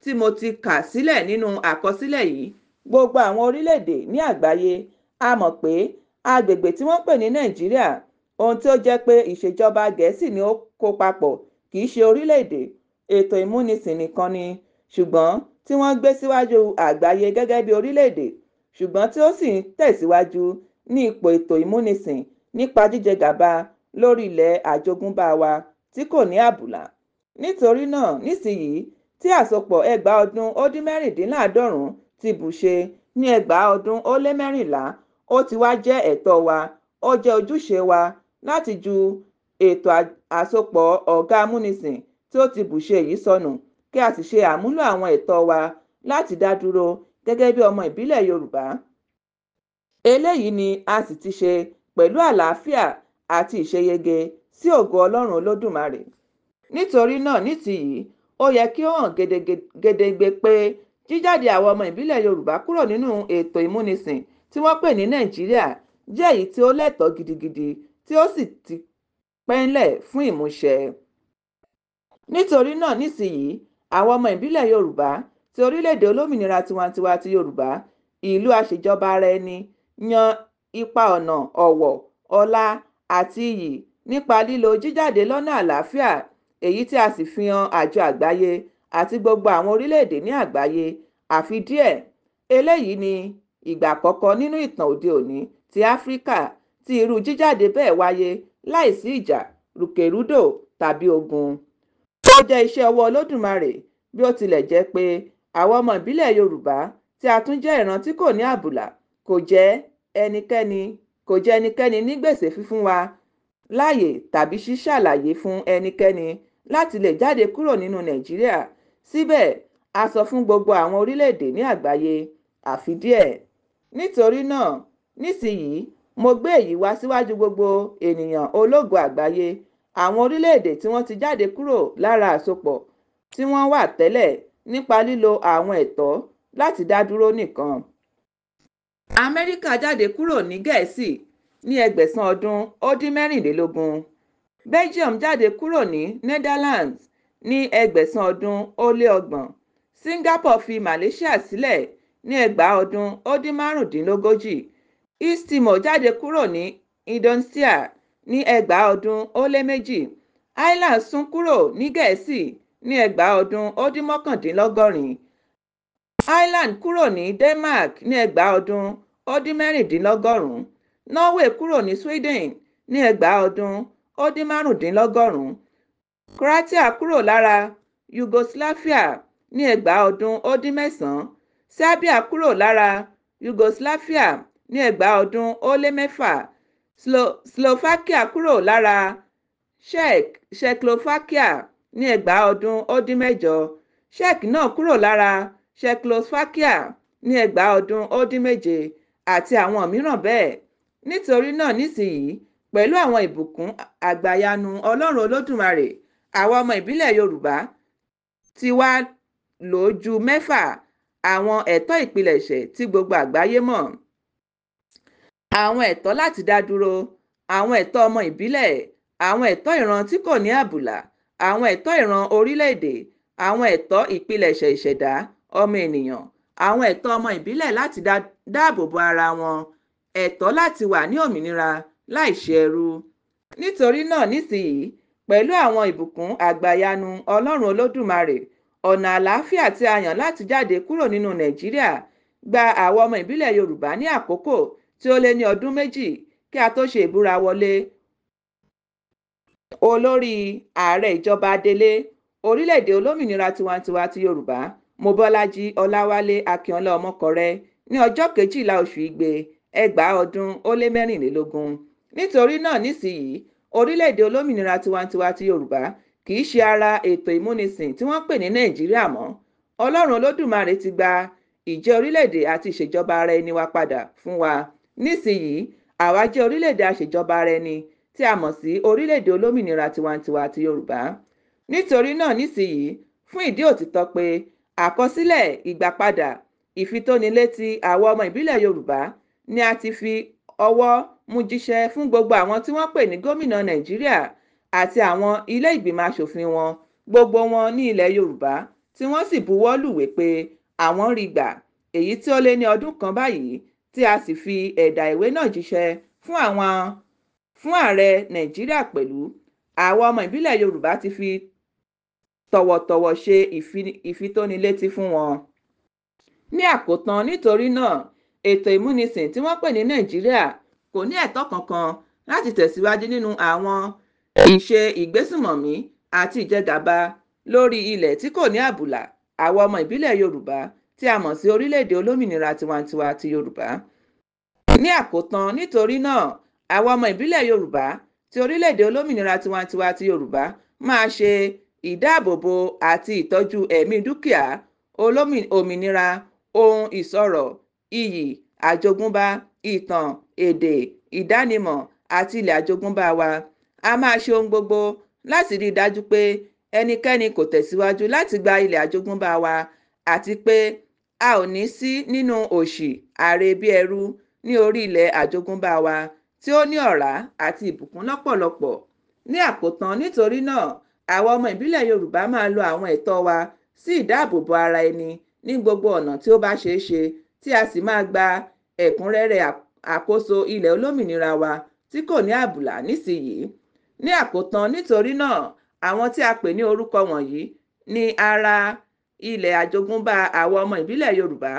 tí mo ti kà sílẹ̀ nínú àkọsílẹ̀ yìí gbogbo àwọn orílẹ̀-èdè ní àgbáyé a mọ̀ pé agbègbè tí wọ́n pè ní nàìjíríà ohun tí ó jẹ́ pé ìṣèjọba gẹ̀ẹ́sì ni ó kó papọ̀ kì í ṣe orílẹ̀-èdè ètò ìmúnisìn nìkan ni ṣùgbọ́n tí wọ́n gbé síwájú àgbáyé gẹ́gẹ́ bí orílẹ̀-èdè ṣùgbọ́n tí ó sì ń tẹ̀síwájú ní ipò ètò ìmúnisìn nípa jíjẹ gàba lórí ilẹ̀ àjogúnbá wa tí kò ní àbùlà nítorí náà nísìnyìí tí àsopọ̀ ẹgbàá ọdún ó dín mẹ́rìndínláàádọ́rùn ti bùṣe ní ẹgbàá ọdún ó lé mẹ́rìnlá ó ti wá jẹ́ ẹ̀tọ́ wa ó jẹ́ ojúṣe wa láti ju ètò àsopọ̀ ọ̀gá amúnisìn tí ó ti bùṣe yìí sọnù kí a sì ṣe àmúlò àwọn ẹ̀tọ́ wa láti dá dúró gẹ́gẹ́ bí ọmọ ìbílẹ̀ Yorùbá eléyìí ni a sì ti ṣe pẹ̀lú àlàáfíà àti ìṣeyege sí ògo ọlọ́run olódùmarè nítorí náà nítìyí ó yẹ kí ó hàn gedegbe pé jíjáde àwọn ọmọ ìbílẹ̀ yorùbá kúrò nínú ètò ìmúnisìn tí wọ́n pè ní nàìjíríà jẹ́ èyí tí ó lẹ́tọ̀ọ́ gidigidi tí ó sì ti pẹ́ńlẹ̀ fún ìmúṣẹ. nítorí náà nísìnyìí àwọn ọmọ ìbílẹ̀ yorùbá ti orílẹ̀-èdè olómìnira tiwantiwa ti yorùbá ìlú àṣejọba ara ẹni yan ipa ọ̀nà ọ̀wọ̀ ọlá àti iyì nípa lílo jíjáde lọ́nà àlàáfíà èyí tí a sì fi han àjọ àgbáyé àti gbogbo àwọn orílẹ̀-èdè ní àgbáyé àfi díẹ̀ eléyìí ni ìgbà àkọ́kọ́ nínú ìtàn òde òní ti áfíríkà tí irú jíjáde bẹ́ẹ̀ wáyé láìsí ìjà rúkèrúdò tàbí ogun. ó jẹ́ iṣẹ́ ọwọ́ olódùmarè bí ó tilẹ̀ jẹ́ pé àwọn ọmọ ìbílẹ̀ yorùbá tí a tún jẹ́ ìran tí kò ní àbùlà kò jẹ́ ẹnikẹ́ni kò jẹ ẹnikẹ́ni ní gbèsè fífún wa láàyè tàbí ṣíṣàlàyé fún ẹnikẹ́ni láti lè jáde kúrò nínú nàìjíríà síbẹ̀ a sọ fún gbogbo àwọn orílẹ̀-èdè ní àgbáyé àfi díẹ̀ nítorí náà nísìnyìí mo gbé èyí wá síwájú gbogbo ènìyàn ológo àgbáyé àwọn orílẹ̀-èdè tí wọ́n ti jáde kúrò lára àsopọ̀ tí wọ́n wà tẹ́lẹ̀ nípa lílo àwọn ẹ̀tọ́ láti dá dúró nìkan amẹ́ríkà jáde kúrò ní gẹ̀ẹ́sì ní ẹgbẹ̀sán ọdún ó dín mẹ́rìnlélógún belgium jáde kúrò ní netherlands ní ẹgbẹ̀sán ọdún ó lé ọgbọ̀n singapore fi malaysia sílẹ̀ ní ẹgbàá ọdún ó dín márùndínlógójì east timor jáde kúrò ní indonesia ní ẹgbàá ọdún ó lé méjì ireland sún kúrò ní gẹ̀ẹ́sì ní ẹgbàá ọdún ó dín mọ́kàndínlọ́gọ́rin ireland kúrò ní denmark ní ẹgbàá ọdún ó dín mẹ́rìndínlọ́gọ́rùn-ún norway kúrò ní sweden ní ẹgbàá ọdún ó dín márùndínlọ́gọ́rùn-ún croatia kúrò lára yugoslavia ní ẹgbàá ọdún ó dín mẹ́sàn-án serbia kúrò lára yugoslavia ní ẹgbàá ọdún ó lé mẹ́fà Slo slovakia kúrò lára czech czechoslovakia ní ẹgbàá ọdún ó dín mẹ́jọ czech náà kúrò lára czechoslovakia ní ẹgbàá ọdún ó dín méje àti àwọn mìíràn bẹ́ẹ̀ nítorí náà nísìnyìí pẹ̀lú àwọn ìbùkún àgbàyanu ọlọ́run olódùmarè àwa ọmọ ìbílẹ̀ yorùbá ti wá lò ju mẹ́fà àwọn ẹ̀tọ́ ìpilẹ̀ṣẹ̀ tí gbogbo àgbáyé mọ̀ àwọn ẹ̀tọ́ láti dá dúró àwọn ẹ̀tọ́ ọmọ ìbílẹ̀ àwọn ẹ̀tọ́ ìran tí kò ní àbùlà àwọn ẹ̀tọ́ ìran orílẹ̀-èdè àwọn ẹ̀tọ́ ìpilẹ̀ṣẹ̀ ìṣẹ̀dá ọmọ ènìyàn àwọn ẹ̀tọ́ ọmọ ìbílẹ̀ láti dáàbò bo ara wọn ẹ̀tọ́ láti wà ní òmìnira láìṣe ẹrú nítorí náà nísìnyí pẹ̀lú àwọn ìbùkún àgbàyanu ọlọ́run olódùmarè ọ̀nà àlàáfíà tí a yàn láti jáde kúrò nínú nàìjíríà gba àwọn ọmọ ìbílẹ̀ yorùbá ní àkókò tí ó lé ní ọdún méjì kí a tó ṣe ìbúra wọlé olórí ààrẹ ìjọba adelé orílẹ̀-èdè olómìnira tiwantiwa ti yorùbá mobọ́lájí ọláwálé akínọlá ọmọkọrẹ ní ọjọ́ kejìlá oṣù igbe ẹgbàá ọdún ó lé mẹ́rìnlélógún nítorí náà nísìnyìí orílẹ̀-èdè olómìnira tiwantiwa ti yorùbá kì í ṣe ara ètò ìmúnisìn tí wọ́n pè ní nàìjíríà mọ́ ọlọ́run olódùmarè ti gba ìjẹ́ orílẹ̀-èdè àti ìṣèjọba ara ẹni wa padà fún wa nísìnyìí àwa jẹ́ orílẹ̀-èdè àṣejọba ara ẹni tí a mọ̀ sí orílẹ̀-èdè olómìnira tiwantiwa ti yorùbá nítorí náà nísìnyìí fún ìdí òtítọ́ pé àkọsílẹ̀ ìgbàpadà ìfitónilétí àwa ọmọ ìbílẹ̀ yorùbá ni a ti fi ọwọ́ mú jíṣẹ́ fún gbogbo àwọn tí wọ́n pè ní gómìnà nàìjíríà àti àwọn ilé ìgbìmọ̀ asòfin wọn gbogbo wọn ní ilẹ̀ yorùbá tí wọ́n sì buwọ́ lùwé pé àwọn rí gbà èyí tí ó lé ní ọdún kan báyìí tí a sì fi ẹ̀dà ìwé náà jíṣẹ́ fún àwọn fún ààrẹ nàìjíríà pẹ̀lú àwa ọmọ ìbílẹ̀ yorùbá ti fi tọ̀wọ̀tọ̀wọ̀ ṣe ìfitónilétí fún wọn. ní àkótán nítorí náà ètò ìmúnisìn tí wọ́n pè ní nàìjíríà kò ní ẹ̀tọ́ kankan láti tẹ̀síwájú nínú àwọn ìṣe ìgbésùmọ̀mí àti ìjẹgàba lórí ilẹ̀ tí kò ní àbùlà àwọn ọmọ ìbílẹ̀ yorùbá tí a mọ̀ sí orílẹ̀-èdè olómìnira tiwantiwa ti yorùbá. ní àkótán nítorí náà àwọn ọmọ ìbílẹ̀ yorùbá ti orílẹ̀-èdè olómìnira tiwantiwa ti yorùbá máa ṣe ìdáàbòbò àti ìtọ́jú ẹ̀mí dúkìá olómìnira ohun ìsọ̀rọ̀ iyì àjogúnbá ìtàn èdè ìdánimọ̀ àti ilẹ̀ àjogúnbá wa a máa ṣe ohun gbogbo láti rí i dájú pé ẹnikẹ́ni kò tẹ̀síwájú láti gba ilẹ̀ àjogúnbá wa àti pé a ò ní sí nínú òṣì àrèébíẹrú ní orí ilẹ̀ àjogúnbá wa tí ó ní ọ̀rá àti ìbùkún lọ́pọ̀lọpọ̀ ní àkótán nítorí náà àwa ọmọ ìbílẹ̀ yorùbá máa lo àwọn ẹ̀tọ́ wa sí ìdáàbòbò ara ẹni ní gbogbo ọ̀nà tí ó bá ṣeé ṣe tí a sì máa gba ẹ̀kúnrẹ́rẹ́ àkóso ilẹ̀ olómìnira wa tí kò ní àbùlà nísìnyìí ní àkótán nítorí náà àwọn tí a pè ní orúkọ wọ̀nyí ni ara ilẹ̀ àjogúnbá àwa ọmọ ìbílẹ̀ yorùbá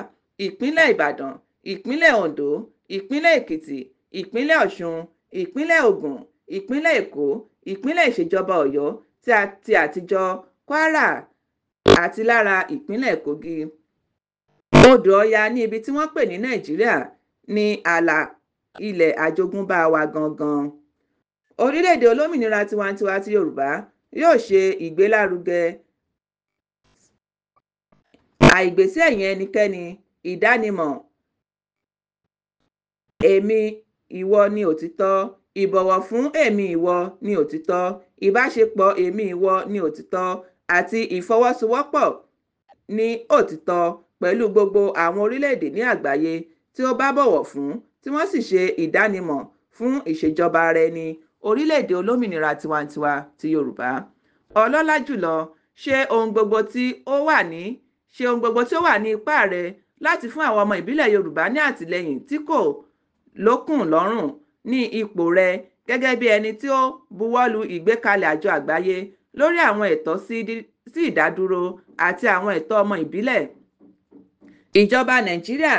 ìpínlẹ̀ ìbàdàn ìpínlẹ̀ ondo ìpínlẹ̀ èkìtì ìpínlẹ̀ ọ̀ṣun ìpínlẹ̀ ògùn ìpínlẹ̀ èkó ìpínlẹ̀ ìṣèjọba ọ̀yọ́ ti àtijọ́ kwara àti lára ìpínlẹ̀ kogi odò ọya ní ibi tí wọ́n pè ní nàìjíríà ní ààlà ilẹ̀ àjogúnbá wa gangan orílẹ̀-èdè olómìnira tiwantiwa ti yorùbá yóò ṣe ìgbélárugẹ àìgbésẹ̀ ẹ̀yìn ẹnikẹ́ni ìdánimọ̀ èmi ìwọ ni òtítọ́ Ìbọ̀wọ̀ fún èmi ìwọ ni òtítọ́, ìbáṣepọ̀ èmi ìwọ ni òtítọ́, àti ìfọwọ́sowọ́pọ̀ ní òtítọ́ pẹ̀lú gbogbo àwọn orílẹ̀-èdè ní àgbáyé tí ó bá bọ̀wọ̀ fún tí wọ́n sì ṣe ìdánimọ̀ fún ìṣèjọba ara-ẹni orílẹ̀-èdè olómìnira tiwantiwa ti Yorùbá. Ọlọ́lá jùlọ, ṣe ohun gbogbo tí ó wà ní ṣe ohun gbogbo tí ó wà ní ipá rẹ láti fún àwọn ọmọ ìbílẹ̀ Yorùbá ní àtìlẹ́yìn tí kò lókùn lọ́rùn ní ipò rẹ gẹ́gẹ́ bí ẹni tí ó buwọ́lu ìgbékalẹ̀ àjọ àgbáyé lórí àwọn ẹ̀tọ́ sí ìdádúró àti àwọn ẹ̀tọ́ ọmọ ìbílẹ̀ ìjọba nàìjíríà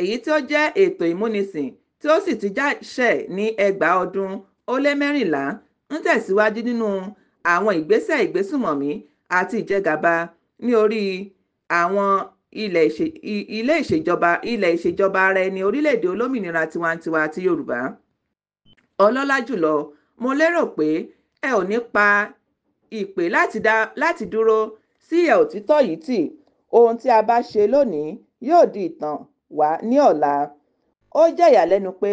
èyí tí ó jẹ́ ètò ìmúnisìn tí ó sì ti jáṣẹ̀ ní ẹgbàá ọdún ó lé mẹ́rìnlá ń tẹ̀síwájú nínú àwọn ìgbésẹ̀ ìgbésùmọ̀mí àti ìjẹgàba ní orí àwọn ilé ìṣèjọba ilé ìṣèjọba ara ẹni orílẹ̀-èdè olómìnira tiwantiwa ti yorùbá ọlọ́lá jùlọ mo lérò pé ẹ ò ní pa ìpè láti dúró sí ìhà òtítọ́ yìí tì ohun tí a bá ṣe lónìí yóò di ìtàn wá ní ọ̀la ó jẹ́ ìyàlẹ́nu pé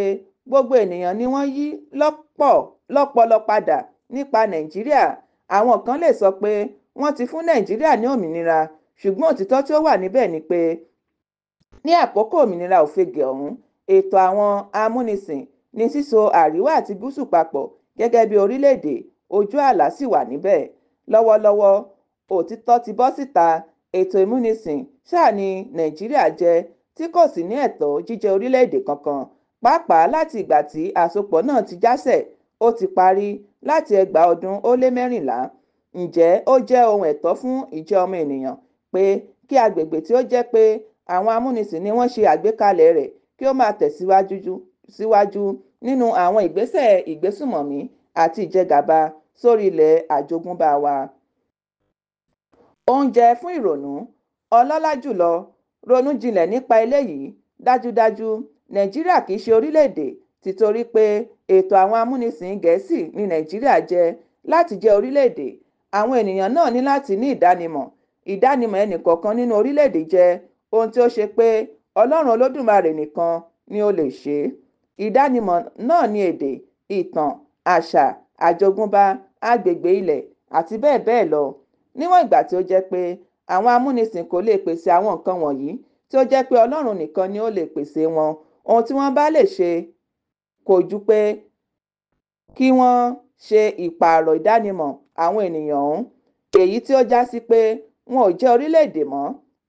gbogbo ènìyàn ni wọ́n yí lọ́pọlọ padà nípa nàìjíríà àwọn kan lè sọ pé wọ́n ti fún nàìjíríà ní òmìnira ṣùgbọ́n òtítọ́ tí ó wà níbẹ̀ ni pé ní àkókò òmìnira òfegè ọ̀hún ètò àwọn amúnisìn ní síso àríwá àti gúúsù papọ̀ gẹ́gẹ́ bí orílẹ̀-èdè ojú àlá sì wà níbẹ̀ lọ́wọ́lọ́wọ́ òtítọ́ ti bọ́ síta ètò ìmúnisìn ṣáà ni nàìjíríà jẹ́ tí kò sì ní ẹ̀tọ́ jíjẹ́ orílẹ̀-èdè kankan pàápàá láti ìgbà tí àsopọ̀ náà ti jásẹ̀ ó ti parí láti ẹgbàá ọdún ó lé mẹ́rìnlá ǹjẹ́ ó jẹ́ ohun ẹ̀tọ́ fún ìjẹ́ ọmọ ènìyàn pé kí agbègbè tí ó jẹ́ pé àwọn amúnisìn ni wọ́n ṣe àgbékalẹ̀ rẹ̀ kí ó máa tẹ̀síwájú síwájú nínú àwọn ìgbésẹ̀ ìgbésùmọ̀mí àti ìjẹgàba sórí ilẹ̀ àjogúnbá wa. oúnjẹ fún ìrònú ọlọ́lá jùlọ ronú jinlẹ̀ nípa eléyìí dájúdájú nàìjíríà kì í ṣe orílẹ̀-èdè títorí pé ètò àwọn amúnisìn gẹ̀ẹ́sì ní nàìjíríà jẹ́ láti jẹ́ orílẹ̀-èdè àwọn ènìyàn náà ní láti ní ìdánimọ̀ ìdánimọ̀ ẹnìkọ̀ọ̀kan nínú orílẹ̀-èdè jẹ́ ohun tí ó ṣe pé ọlọ́run olódùmarè nìkan ni ó lè ṣe é ìdánimọ̀ náà ni èdè ìtàn àṣà àjogúnbá agbègbè ilẹ̀ àti bẹ́ẹ̀ bẹ́ẹ̀ lọ níwọ̀n ìgbà tí ó jẹ́ pé àwọn amúnisìn kò lè pèsè àwọn nǹkan wọ̀nyí tí ó jẹ́ pé ọlọ́run nìkan ni ó lè pèsè wọn ohun tí wọ́n bá lè ṣe kò ju pé kí wọ́n ṣe ìpààrọ̀ ìdánimọ̀ àwọn ènìyàn ọ̀hún èyí tí ó já sí pé wọn ò jẹ́ orílẹ̀-èdè mọ́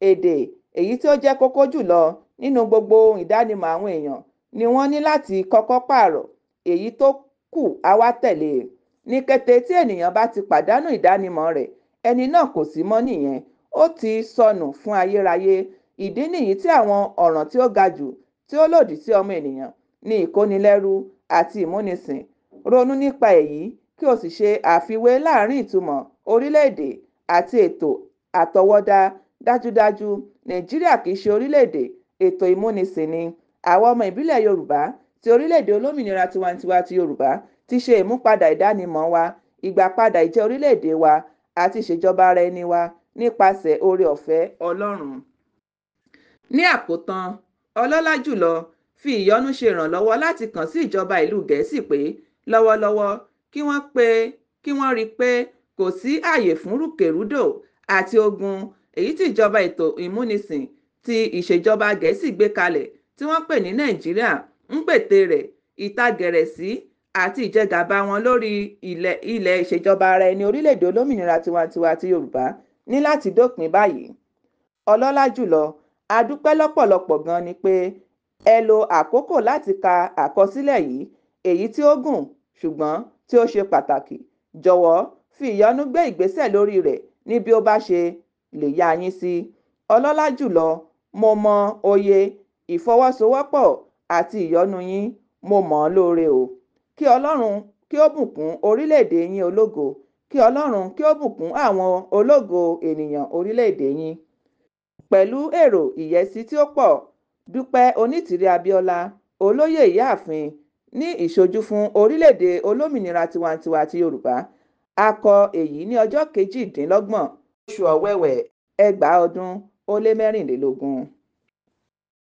èdè èyí tí ó jẹ́ kókó jùlọ nínú gbogbo ìdánimọ̀ àwọn èèyàn ni wọ́n ní láti kọ́kọ́ pààrọ̀ èyí tó kù á wá tẹ̀lé e ní kété tí ènìyàn bá ti pàdánù ìdánimọ̀ rẹ̀ ẹni náà kò sí mọ́ nìyẹn ó ti sọnù fún ayérayé ìdí nìyí tí àwọn ọ̀ràn tí ó ga jù tí ó lòdì sí ọmọ ènìyàn ní ìkónilẹ́rú àti ìmúnisìn ronú nípa èyí kí o sì ṣe àfiwé láàrin ìtumọ̀ orílẹ̀-èdè àti ètò àtọwọ́dá dájúdájú nàìjíríà kì í ṣe orílẹ̀-èdè ètò ìmúnisìn ni àwọn ọmọ ìbílẹ̀ yorùbá ti orílẹ̀-èdè olómìnira tiwantiwa ti yorùbá ti ṣe ìmúpadà ìdánimọ̀ wa ìgbàpadà ìjẹ́ orílẹ̀-èdè wa àti ìṣèjọba ara ẹni wa nípasẹ̀ oore ọ̀fẹ́ ọlọ́run. ní àkótán ọlọ́lá jùlọ fi ìyọ́nú ṣe ìrànlọ́wọ́ láti kàn sí ìjọba ìlú gẹ̀ẹ́sì pé lọ́wọ́lọ́wọ́ kí wọ́n pé kí wọ́n rí i pé kò sí ààyè fún rúkèrúdò àti ogun èyí tí ìjọba ètò ìmúnisìn ti ìṣèjọba gẹ̀ẹ́sì gbé kalẹ̀ tí wọ́n pè ní nàìjíríà ń pète rẹ̀ ìtagẹ̀rẹ̀sí àti ìjẹgàba wọn lórí ilẹ̀ ìṣèjọba ara ẹni orílẹ̀-èdè olómìnira tiwantiwa ti yorùbá ní láti dópin báyìí ọlọ́lá jùlọ a lọ́pọ̀lọpọ̀ gan ni pé ẹ lo àkókò láti ka àkọsílẹ̀ yìí èyí tí ó gùn ṣùgbọ́n tí ó ṣe pàtàkì jọ̀wọ́ fi ìyọ́nú gbé ìgbésẹ̀ lórí rẹ̀ ní bí ó bá ṣe lè yá yín sí ọlọ́lá jùlọ mo mọ oyè ìfọwọ́sowọ́pọ̀ àti ìyọ́nú yín mo mọ̀ ọ́ lóore o kí ọlọ́run kí ó bùkún orílẹ̀-èdè yín ológo kí ọlọ́run kí ó bùkún àwọn ológo ènìyàn orílẹ̀-èdè yín pẹ̀lú èrò ìyẹ́sí tí ó pọ̀ dúpẹ́ onítìrí abíọ́lá olóyè ìyáàfin ní ìṣojú fún orílẹ̀-èdè olómìnira tiwantiwa ti yorùbá a kọ èyí ní ọjọ́ kejìdínlọ́gbọ̀n oṣù ọ̀wẹ̀wẹ̀ ẹgbàá ọdún ó lé mẹ́rìnlélógún